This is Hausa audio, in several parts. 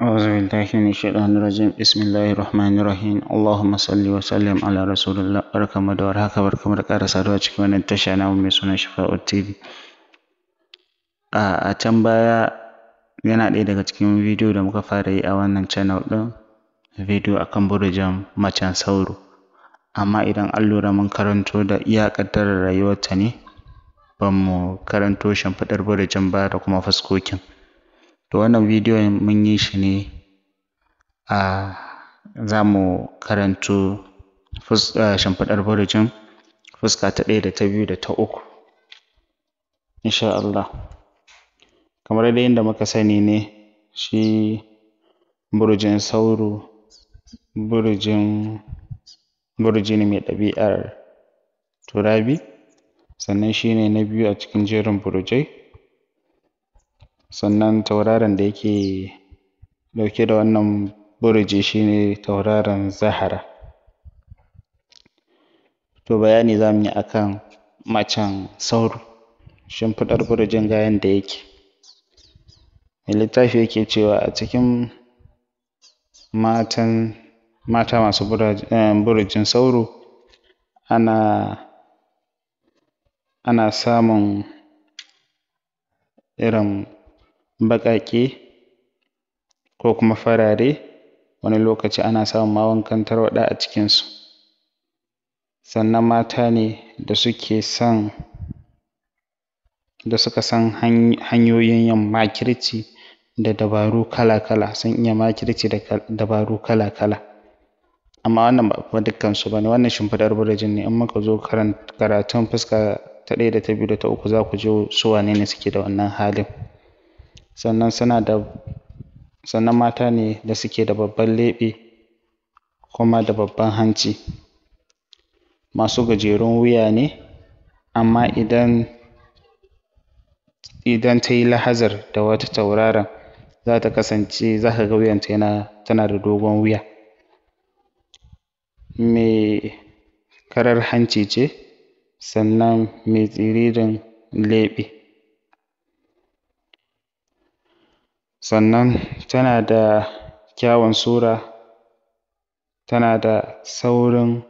أعوذ بالله من الشيطان الرجيم بسم الله الرحمن الرحيم اللهم صل وسلم على رسول الله barkamu da warhaka barkamu da ƙara saduwa cikin wannan tasha na mai suna Shafa'u TV a can baya yana ɗaya daga cikin bidiyo da muka fara yi a wannan channel ɗin bidiyo kan burujan macen sauro amma idan an lura mun karanto da iyakar rayuwarta ne ba mu karanto shimfiɗar burujan ba da kuma faskokin. To wannan bidiyon mun yi shi ne a za mu karanto shimfiɗar burucin fuska ta ɗaya da ta biyu da ta uku insha Allah. Kamar dai yadda muka sani ne shi burjin sauro burjin burji ne mai ɗabi'ar turabi sannan shi ne na biyu a cikin jerin burjai. sannan tauraron da yake ɗauke da wannan burji shine tauraron zahara to bayani za mu yi akan macen sauro shimfiɗar burjin ga yanda yake mai littafi yake cewa a cikin matan mata masu eh, burjin sauro ana ana samun irin baƙaƙe ko kuma farare wani lokaci ana samun ma wankan tarwaɗa a cikinsu sannan mata ne da suke son da suka san hanyoyin yin makirci da dabaru kala-kala sun iya makirci da dabaru kala-kala amma wannan ba kuma dukkansu ba ne wannan shimfiɗar burjin ne in muka zo karatun fuska ta ɗaya da ta biyu da ta uku za ku ji su wane ne suke da wannan halin sannan suna da sannan mata ne da suke da babban leɓe kuma da babban hanci masu gajerun wuya ne amma idan idan ta yi lahazar da wata tauraron za ta kasance za ka ga wuyanta yana tana da dogon wuya me karar hanci ce sannan mai tsiririn leɓe sannan tana da kyawun sura tana da saurin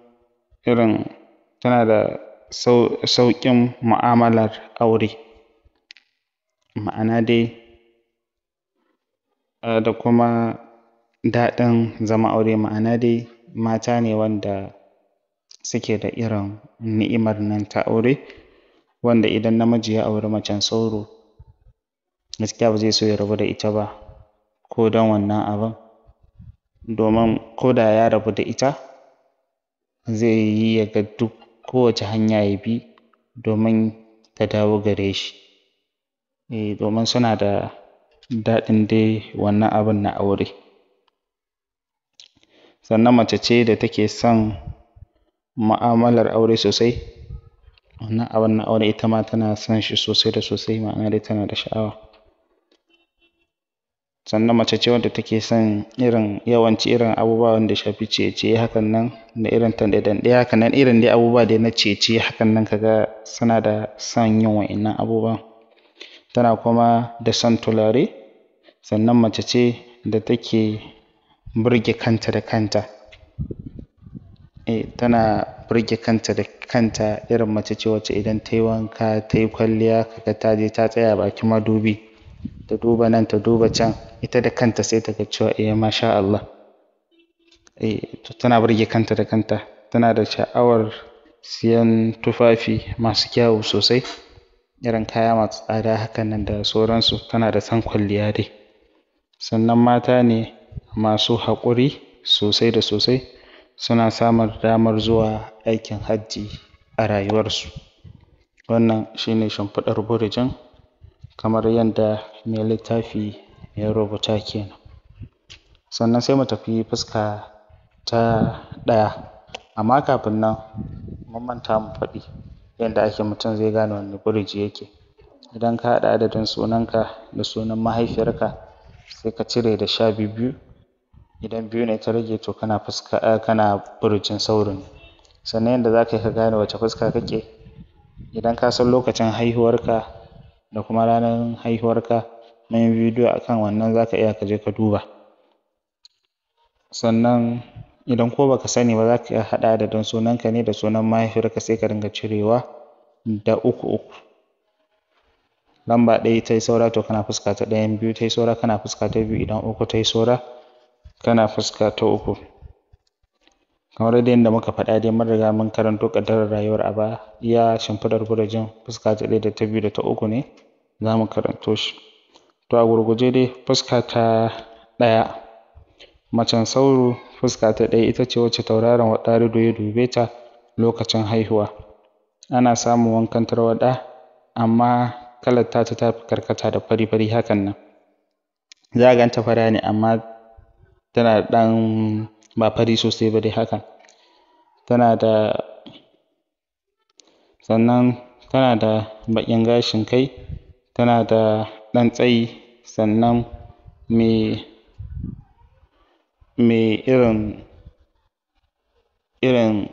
irin tana da sauƙin mu'amalar aure ma'ana dai eh, da kuma daɗin zama aure ma'ana dai mata ne wanda suke da irin ni'imar nan ta aure wanda idan namiji ya auri macen sauro gaskiya ba zai so ya rabu da ita ba ko don wannan abin domin ko da ya rabu da ita zai yi ya ga duk kowace hanya ya bi domin ta dawo gare shi e domin suna da daɗin dai wannan abin na aure sannan mace ce da take son ma'amalar aure sosai wannan abin na aure ita ma tana son shi sosai da sosai ma'ana dai tana da sha'awa sannan mace ce wanda take son irin yawanci irin abubuwa wanda shafi ciye-ciye hakan nan da irin tanɗe dai hakan nan irin dai abubuwa dai na ciye-ciye hakan nan kaga suna da son yin wa'innan abubuwan tana kuma da son tulare sannan mace ce da take burge kanta da kanta eh tana burge kanta da kanta irin mace ce wacce idan ta yi wanka ta yi kwalliya kaga ta je ta tsaya bakin madubi ta duba nan ta duba can ita da kanta sai ta ga cewa iya eh, masha Allah eh, tana burge kanta da kanta tana da sha'awar siyan tufafi masu kyawu sosai irin kaya masu tsada hakan nan da sauransu tana da san kwalliya dai sannan mata ne masu haƙuri sosai da sosai suna samun damar zuwa aikin hajji a rayuwarsu wannan shine shimfiɗar burjin kamar yadda mai littafi ya rubuta kenan sannan sai mu tafi fuska ta ɗaya amma kafin nan mun manta mu faɗi yadda ake mutum zai gane wanne ƙuriji yake idan ka haɗa adadin sunanka da sunan mahaifiyarka sai ka cire da sha biyu idan biyu ne ta rage to kana fuska eh, kana ƙurijin sauro ne sannan yadda za ka yi ka gane wace fuska kake idan ka san lokacin haihuwarka da kuma ranar haihuwarka mun yi bidiyo akan wannan za ka iya ka je ka duba sannan idan ko baka sani ba za ka iya haɗa adadin sunanka ne da sunan mahaifiyarka sai ka dinga cirewa da uku uku lamba ɗaya ta yi saura to kana fuska ta ɗayan biyu ta yi saura kana fuska ta biyu idan uku ta yi saura kana fuska ta uku kamar dai yadda muka faɗa dai mun riga mun karanto ƙaddarar rayuwar a baya iya shimfiɗar gurajen fuska ta ɗaya da ta biyu da ta uku ne za mu karanto shi to a gurguje dai fuska ta ɗaya macen sauro fuska ta ɗaya ita ce wacce tauraron rido ya dube ta lokacin haihuwa ana samun wankan tarwaɗa amma kalar ta ta tafi karkata da fari fari hakan nan za a ganta fara ne amma tana da ɗan ba fari sosai ba dai hakan tana da sannan tana da baƙin gashin kai tana da ɗan tsayi sannan me me irin irin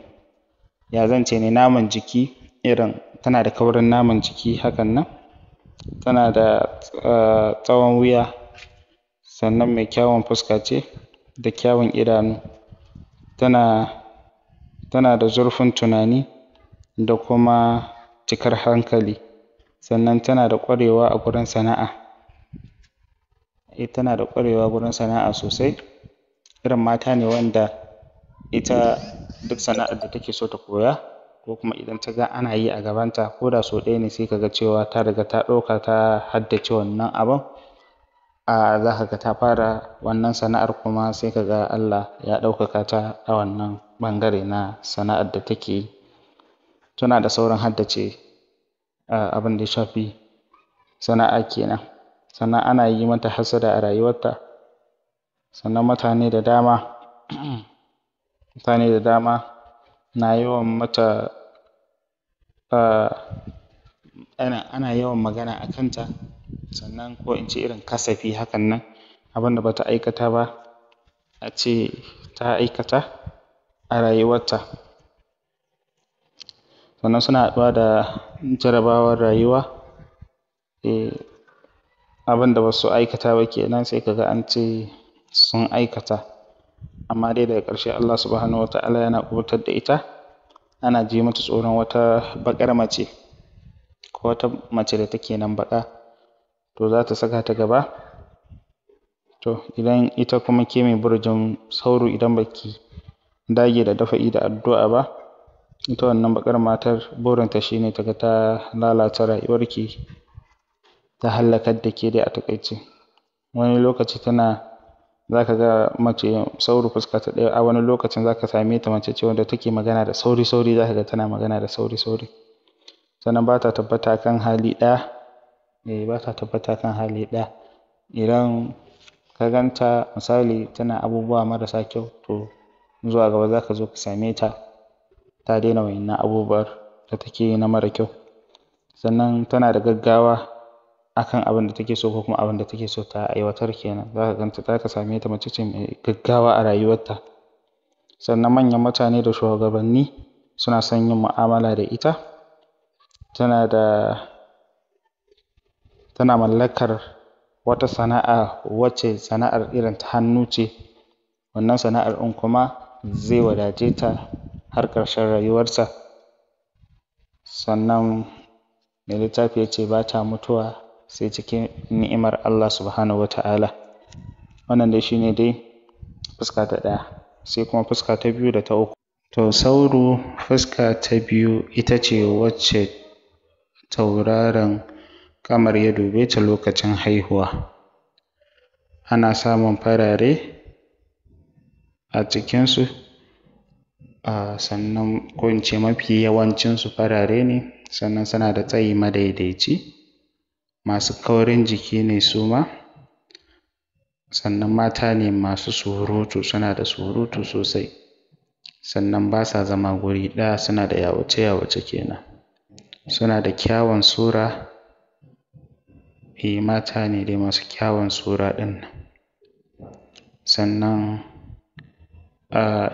ya zan ce ne naman jiki irin tana da kaurin naman jiki hakan nan tana da eh, tsawon wuya sannan mai kyawun fuska ce da kyawun idanu tana tana da zurfin tunani da kuma cikar hankali sannan tana da ƙwarewa a gurin sana'a Eh, tana da ƙwarewa gurin sana'a sosai irin mata ne wanda ita duk sana'ar da take so ta koya ko kuma idan ta ga ana yi a gabanta ko da sau ɗaya ne sai ka ga cewa ta riga ta ɗauka ta haddace wannan abun a za ka ga ta fara wannan sana'ar kuma sai ka ga Allah ya ɗaukaka ta a wannan ɓangare na sana'ar da take yi tana da sauran haddace abin da ya shafi sana'a kenan. sannan ana yi mata hasada a rayuwarta sannan mutane da dama mutane da dama na yawan mata ana yawan magana a kanta sannan ko in ce irin kasafi hakan nan abinda bata aikata ba a ce ta aikata a rayuwarta sannan suna haɗuwa da jarabawar rayuwa eh, abin da ba su aikata ba kenan sai ka ga an ce sun aikata amma dai daga ƙarshe Allah subhanahu wata'ala yana kubutar da ita ana ji mata tsoron wata baƙar mace ko wata mace da take nan baka to za ta saka ta gaba to idan ita kuma ke mai burjin sauro idan baki dage da dafa'i da addu'a ba ita wannan bakar matar burinta shine ta ga ta lalata rayuwarki ta hallakar da ke dai a taƙaice wani lokaci tana za ka ga mace sauri fuska ta ɗaya a wani lokacin za ka same ta mace ce wanda take magana da sauri sauri za ka ga tana magana da sauri sauri sannan ba ta tabbata kan hali ɗaya eh ba ta tabbata kan hali ɗaya idan ka ganta misali tana abubuwa marasa kyau to zuwa gaba za ka zo ka same ta ta daina wa'innan abubuwan da take yi na mara kyau sannan tana da gaggawa akan abin da take so ko kuma abin da take so ta aiwatar kenan za ka ganta za ka same ta mace ce mai gaggawa a rayuwarta sannan manyan mutane da shugabanni suna son yin mu'amala da ita tana da tana mallakar wata sana'a wacce sana'ar irin ta hannu ce wannan sana'ar ɗin kuma zai wadace ta har ƙarshen rayuwarsa sannan mai littafi ya ce ba ta mutuwa sai cikin ni'imar Allah subhanahu wa ta'ala wannan dai shine dai fuska ta ɗaya sai kuma fuska ta biyu da ta uku to sauro fuska ta biyu ita ce wacce tauraron kamar ya dube ta lokacin haihuwa ana samun farare a cikinsu sannan ko in ce mafi yawancinsu farare ne sannan suna da tsayi madaidaici masu kaurin jiki ne su ma sannan mata ne masu surutu suna da surutu sosai sannan ba sa zama guri ɗaya suna da yawace yawace kenan suna da kyawun sura E, mata ne dai masu kyawun sura ɗin nan sannan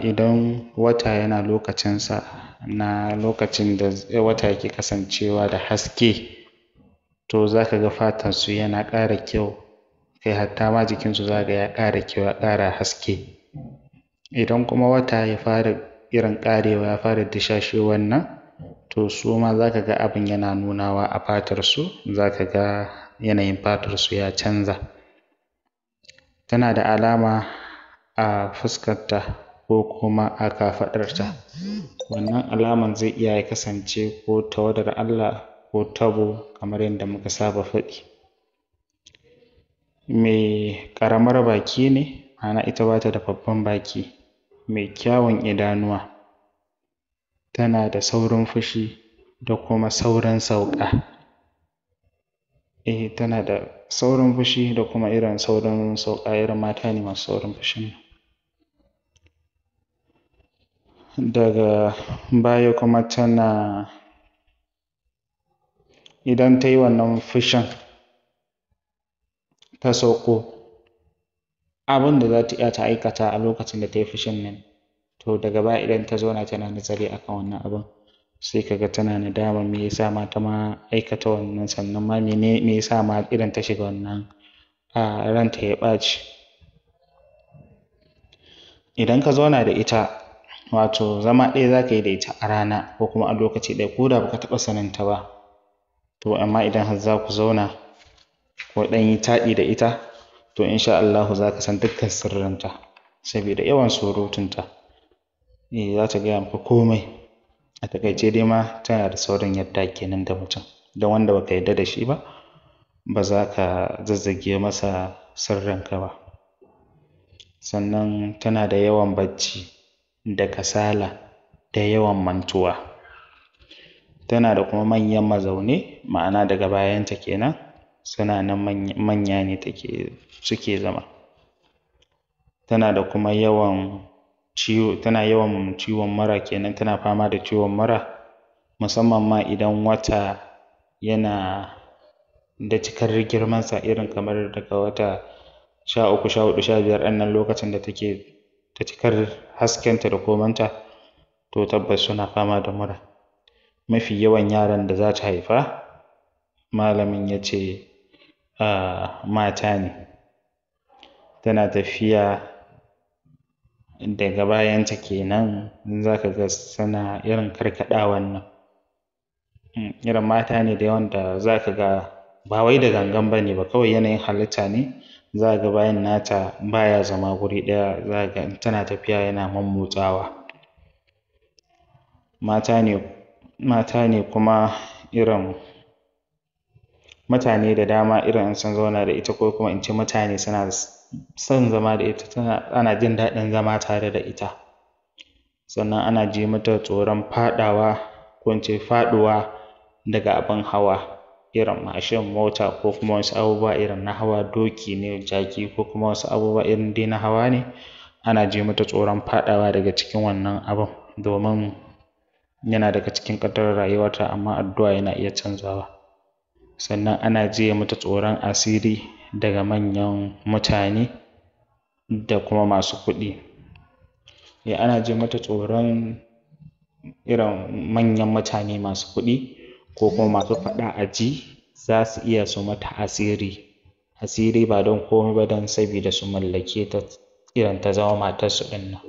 idan wata yana lokacinsa na lokacin da eh, wata yake kasancewa da haske to za ka ga fatansu yana ƙara kyau kai hatta ma jikinsu za ga ya ƙara kyau ya ƙara haske idan kuma wata ya fara irin ƙarewa ya fara dishashe wannan, to su ma za ka ga abin yana nunawa a fatarsu za ka ga yanayin fatarsu ya canza tana da alama a fuskarta ko kuma a kafaɗarta wannan alaman zai iya ya kasance ko tawadar Allah ko tabo kamar yadda muka saba faɗi mai ƙaramar baki ne Ana ita ba ta da babban baki mai kyawun idanuwa tana da saurin fushi da kuma saurin sauka eh tana da saurin fushi da kuma irin saurin sauka irin mata ne masu saurin fushin daga baya kuma tana idan ta yi wannan fushin ta sauko abin da za ta iya ta aikata a lokacin da ta yi fushin nan to daga baya idan ta zauna tana nazari akan wannan abin sai ka ga tana nadama me yasa ma ta ma aikata wannan sannan ma mene me yasa ma irin ta shiga wannan a ranta ya ɓaci idan ka zauna da ita wato zama ɗaya za ka yi da ita a rana ko kuma a lokaci ɗaya ko da baka taɓa sanin ta ba to amma idan har za ku zauna ko ɗan yi taɗi da ita to insha Allahu za ka san dukkan sirrinta saboda yawan surutunta eh za ta gaya maka komai a taƙaice dai ma tana da saurin yadda kenan da mutum don wanda baka yadda da shi ba ba za ka zazzage masa sirrinka ba sannan tana da yawan bacci da kasala da yawan mantuwa tana da kuma manyan mazaune ma'ana daga bayanta kenan suna nan manya ne take suke zama tana da kuma yawan ciwo tana yawan ciwon mura kenan tana fama da ciwon mura musamman ma idan wata yana da cikar girmansa irin kamar daga wata sha uku sha huɗu sha biyar ɗin lokacin da take da cikar haskenta da komanta to tabbas suna fama da mura mafi yawan yaran da za ta haifa malamin ya ce ah, mata ne tana tafiya daga bayanta kenan za ka ga suna irin karkaɗa nan hmm, irin mata ne da yawan da za ka ga ba wai da gangan ba ne ba kawai yanayin halitta ne za ka ga bayan nata baya zama guri ɗaya za ga tana tafiya yana mommotsawa mata ne mata ne kuma irin mutane da dama irin sun zauna da ita ko kuma in ce mutane suna son zama da ita ana jin daɗin zama tare da ita sannan ana ji mata tsoron faɗawa ko in ce faɗuwa daga abin hawa irin mashin mota ko kuma wasu abubuwa irin na hawa doki ne jaki ko kuma wasu abubuwa irin dai na hawa ne ana ji mata tsoron faɗawa daga cikin wannan abin domin yana daga cikin ƙaddarar rayuwata amma addu'a yana iya canzawa sannan ana jiye mata tsoron asiri daga manyan mutane da kuma masu kuɗi eh ana ji mata tsoron irin manyan mutane masu kuɗi ko kuma masu faɗa a ji za su iya su mata asiri asiri ba don komai ba don sabida su mallake ta irin ta zama matarsu ɗin nan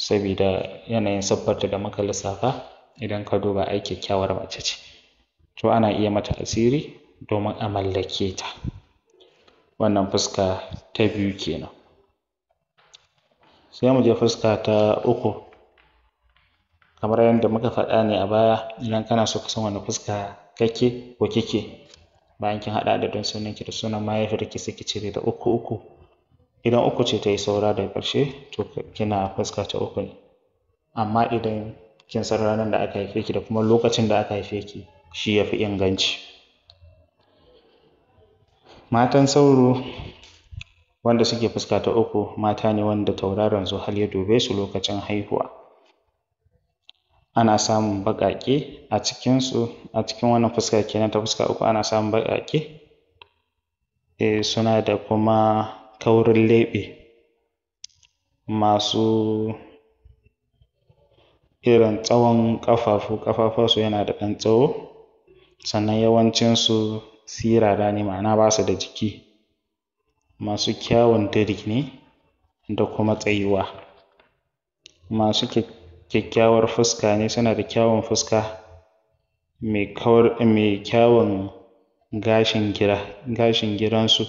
saboda yanayin siffarta da muka lissafa idan ka duba ai kyakkyawar mace ce to ana iya mata asiri domin a mallake ta wannan fuska ta biyu kenan sai mu je fuska ta uku kamar yadda muka faɗa ne a baya idan kana so ka san wani fuska kake ko kike bayan kin haɗa adadin sunanki da sunan mahaifiyarki sai ki cire da uku uku idan uku ce ta yi saura daga ƙarshe to kina fuska ta uku ne amma idan kin san ranar da aka haife ki da kuma lokacin da aka haife ki shi ya fi inganci matan sauro wanda suke fuska ta uku mata ne wanda tauraron su har ya dube su lokacin haihuwa ana samun baƙaƙe a cikinsu a cikin wannan fuska kenan ta fuska uku ana samun baƙaƙe eh suna da kuma kaurin leɓe masu irin tsawon ƙafafu Ƙafafarsu yana da ɗan tsawo sannan yawancinsu sirara ne ma'ana ba su da jiki masu kyawun diri ne da kuma tsayuwa masu kyakkyawar fuska ne suna da kyawun fuska mai kyawun gashin gira gashin giransu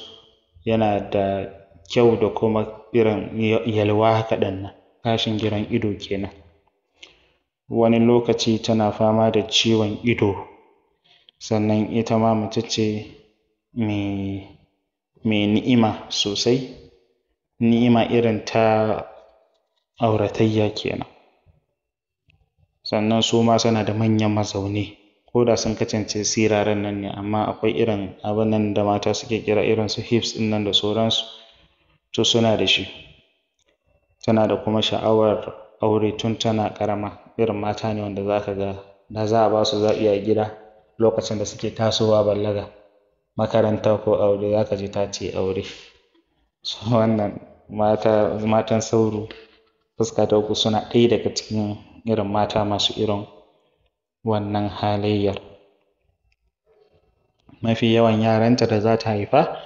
yana da kyau da kuma irin yalwa haka nan gashin giran ido kenan wani lokaci tana fama da ciwon ido sannan ita ma mace ce mai ni'ima sosai ni'ima irin ta auratayya kenan sannan su ma suna da manyan mazaune ko da sun kacance siraran nan ne amma akwai irin abin nan da mata suke kira irin su hips ɗin nan da sauransu to suna da shi tana da kuma sha'awar aure tun tana ƙarama irin mata ne wanda za ka ga da za a ba su zaɓi a gida lokacin da suke tasowa balaga makaranta ko aure za ka ji ta ce aure so wannan matan sauro fuska ta uku suna ɗaya daga cikin irin mata masu irin wannan halayyar mafi yawan yaranta da za ta haifa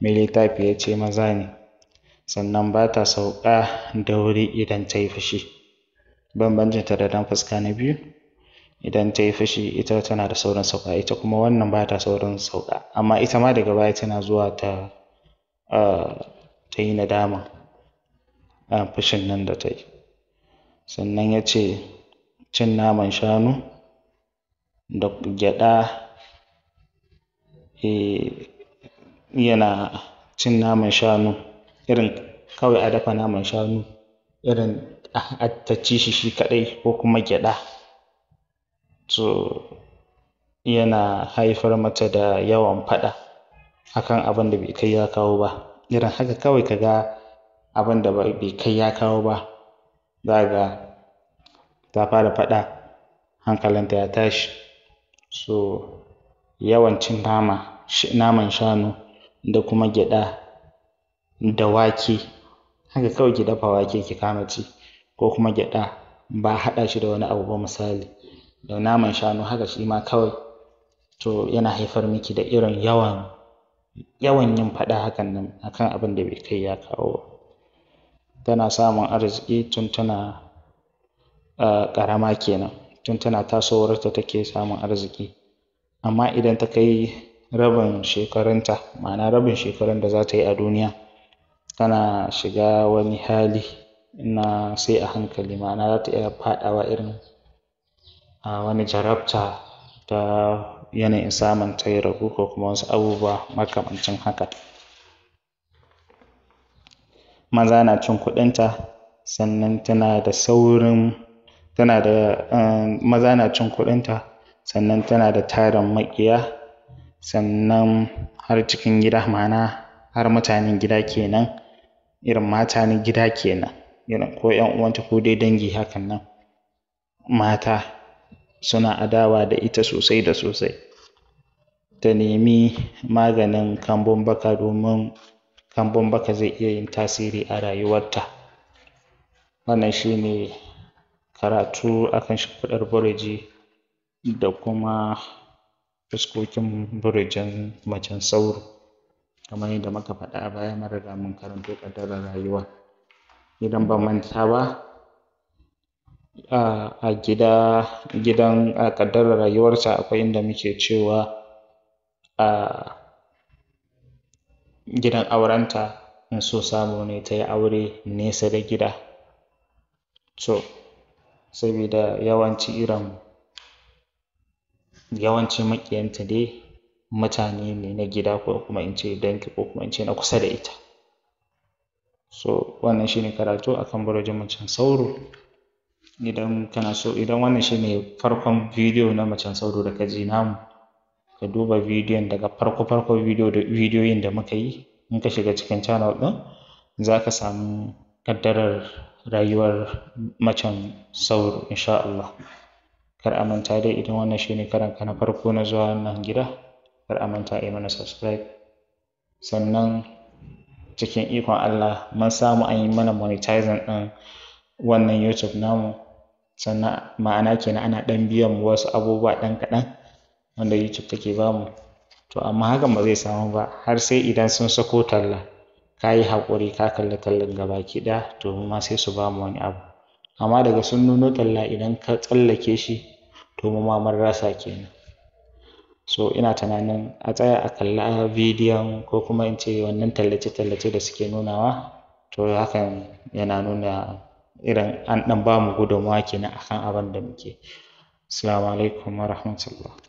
mai littafi ya ce maza ne sannan ba ta sauka da wuri idan ta yi fushi ta da dan fuska na biyu idan ta yi fushi ita tana da saurin sauka ita kuma wannan ba ta saurin sauka amma ita ma daga baya tana zuwa ta ta yi nadama a fushin nan da ta yi sannan ya ce cin naman shanu da gyaɗa eh, yana cin naman shanu irin kawai a dafa naman shanu irin a ci shi shi kaɗai ko kuma gyaɗa to yana haifar mata da yawan faɗa akan abin da bai kai ya kawo ba irin haka kawai ka ga abin da bai kai ya kawo ba za ga ta fara faɗa hankalinta ya tashi so yawan cin naman shanu da kuma gyaɗa da wake haka kawai ki dafa wake ki kama ci ko kuma gyaɗa ba haɗa shi da wani abu ba misali da naman shanu haka shi ma kawai to yana haifar miki da irin yawan yawan yin faɗa hakan nan akan abin da bai kai ya kawo ba tana samun arziki tun tana ah, ƙarama kenan tun tana tasowarta take samun arziki amma idan ta kai rabin shekarunta ma'ana rabin shekarun da za ta yi a duniya tana shiga wani hali na sai a hankali ma'ana za ta iya faɗawa irin a wani jarabta ta yanayin samun ta yi ragu ko kuma wasu abubuwa makamancin haka maza na cin kuɗinta sannan tana da saurin tana da maza na cin kuɗinta sannan tana da tarin maƙiya sannan har cikin gida ma'ana har mutanen gida kenan irin mata na gida kenan irin ko ƴan uwanta ko dai dangi hakan nan mata suna adawa da ita sosai da sosai ta nemi maganin kambun baka domin kambun baka zai iya yin tasiri a rayuwarta wannan shi ne karatu a kan shimfiɗar biriji da kuma fuskokin burujin macen sauro kamar yadda muka faɗa a baya mun riga mun karanto ƙaddarar rayuwa idan ba manta ba a gida gidan ƙaddarar rayuwarsa akwai inda muke cewa a gidan aurenta in so samu ne ta yi aure nesa da gida so sabida yawanci irin yawanci maƙiyanta dai mutane ne na gida ko kuma in ce dangi ko kuma in ce na kusa da ita so wannan shine karatu akan burojin macen sauro idan kana so idan wannan shine farkon bidiyo na macen sauro da ka ji namu ka duba bidiyon daga farko farko bidiyo da bidiyoyin da muka yi in ka shiga cikin channel din za ka samu kaddarar rayuwar macen sauro insha Allah kar a manta dai idan wannan shine karanka na farko na zuwa wannan gida kar a manta a mana subscribe sannan cikin ikon Allah mun samu an yi mana monetizing ɗin wannan YouTube namu sannan ma'ana kenan ana ɗan biyan mu wasu abubuwa ɗan kaɗan wanda YouTube take bamu to amma hakan ba zai samu ba har sai idan sun sako talla ka yi haƙuri ka kalli tallan ki ɗaya to ma sai su bamu wani abu amma daga sun nuno talla idan ka tsallake shi to mu ma mun rasa kenan so ina tunanin a tsaya a kalla bidiyon ko kuma in ce wannan tallace-tallace da suke nunawa to hakan yana nuna irin an ɗan ba mu gudunmawa kenan akan abin da muke assalamu alaikum wa rahmatullah